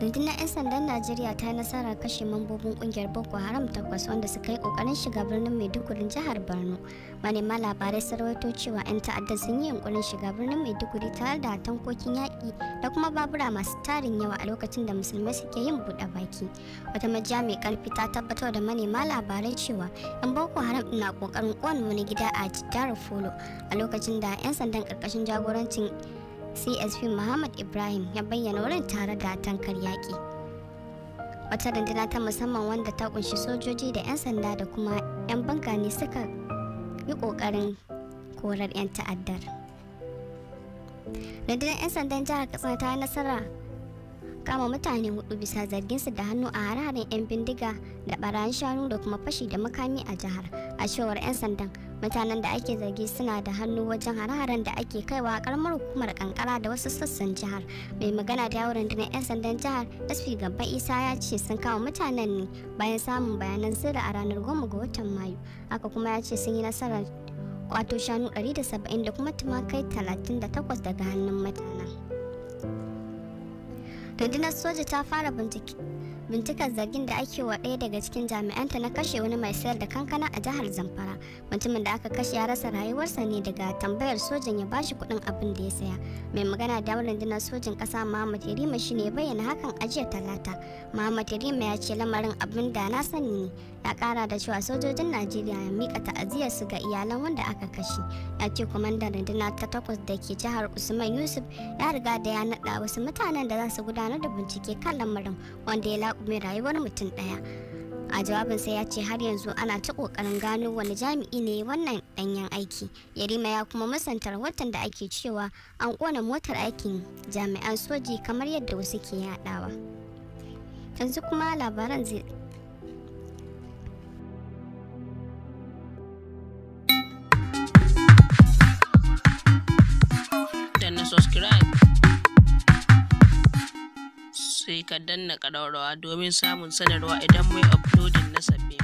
rundunar 'yan sandan najeriya ta yi nasarar kashe mambobin kungiyar boko haram takwas wanda suka yi kokarin shiga birnin maiduguri jihar borno manema labarai sun rawaito cewa 'yan ta'adda sun yi yunkurin shiga birnin maiduguri tare da tankokin yaƙi da kuma babura masu tarin yawa a lokacin da musulmai suke yin buɗe baki wata majiya mai karfi ta tabbatar da manema labarai cewa 'yan boko haram na kokarin kowane wani gida a jidar folo a lokacin da 'yan sandan karkashin jagorancin csp muhammad ibrahim ya bayyana wurin tare da tankar yaƙi wata rundunar ta musamman wanda ta kunshi sojoji da 'yan sanda da kuma 'yan banga ne suka yi ƙoƙarin korar 'yan ta'addar rundunar 'yan sandan jihar katsina ta yi nasara kama mutane hudu bisa zarginsu da hannu a hare-haren 'yan bindiga da barayin shanu da kuma fashi da makami a jihar a cewar 'yan sandan mutanen da ake zargi suna da hannu wajen hare-haren da ake kaiwa karamar hukumar kankara da wasu sassan jihar mai magana da yawon rundunar 'yan sandan jihar sp gaban isa ya ce sun kama mutanen ne bayan samun bayanan sirri a ranar goma ga watan mayu haka kuma ya ce sun yi nasarar kwato shanu 170 da kuma tumakai 38 daga hannun mutanen rundunar soja ta fara bincike bincikar zargin da ake wa ɗaya daga cikin jami'anta na kashe wani mai sayar da kankana a jihar zamfara mutumin da aka kashe ya rasa rayuwarsa ne daga tambayar sojan ya bashi kuɗin abin da ya saya mai magana da rundunar sojin ƙasa muhammad yarima shine ya bayyana hakan a jiya talata muhammad yarima ya ce lamarin abin da na sani ne ya ƙara da cewa sojojin najeriya ya miƙa ta'aziyar su ga iyalan wanda aka kashe ya ce kwamandan rundunar ta takwas da ke jihar usman yusuf ya riga da ya naɗa wasu mutanen da za su gudanar da bincike kan lamarin wanda ya mai rayuwar mutum ɗaya a jawabin sai ya ce har yanzu ana ta kokarin gano wani jami'i ne wannan danyen aiki yarima ya kuma musantar watan da ake cewa an kona motar aikin jami'an soji kamar yadda wasu ke yadawa yanzu kuma labaran sai ka danna ƙararrawa domin samun sanarwa idan mai uploading na sabbin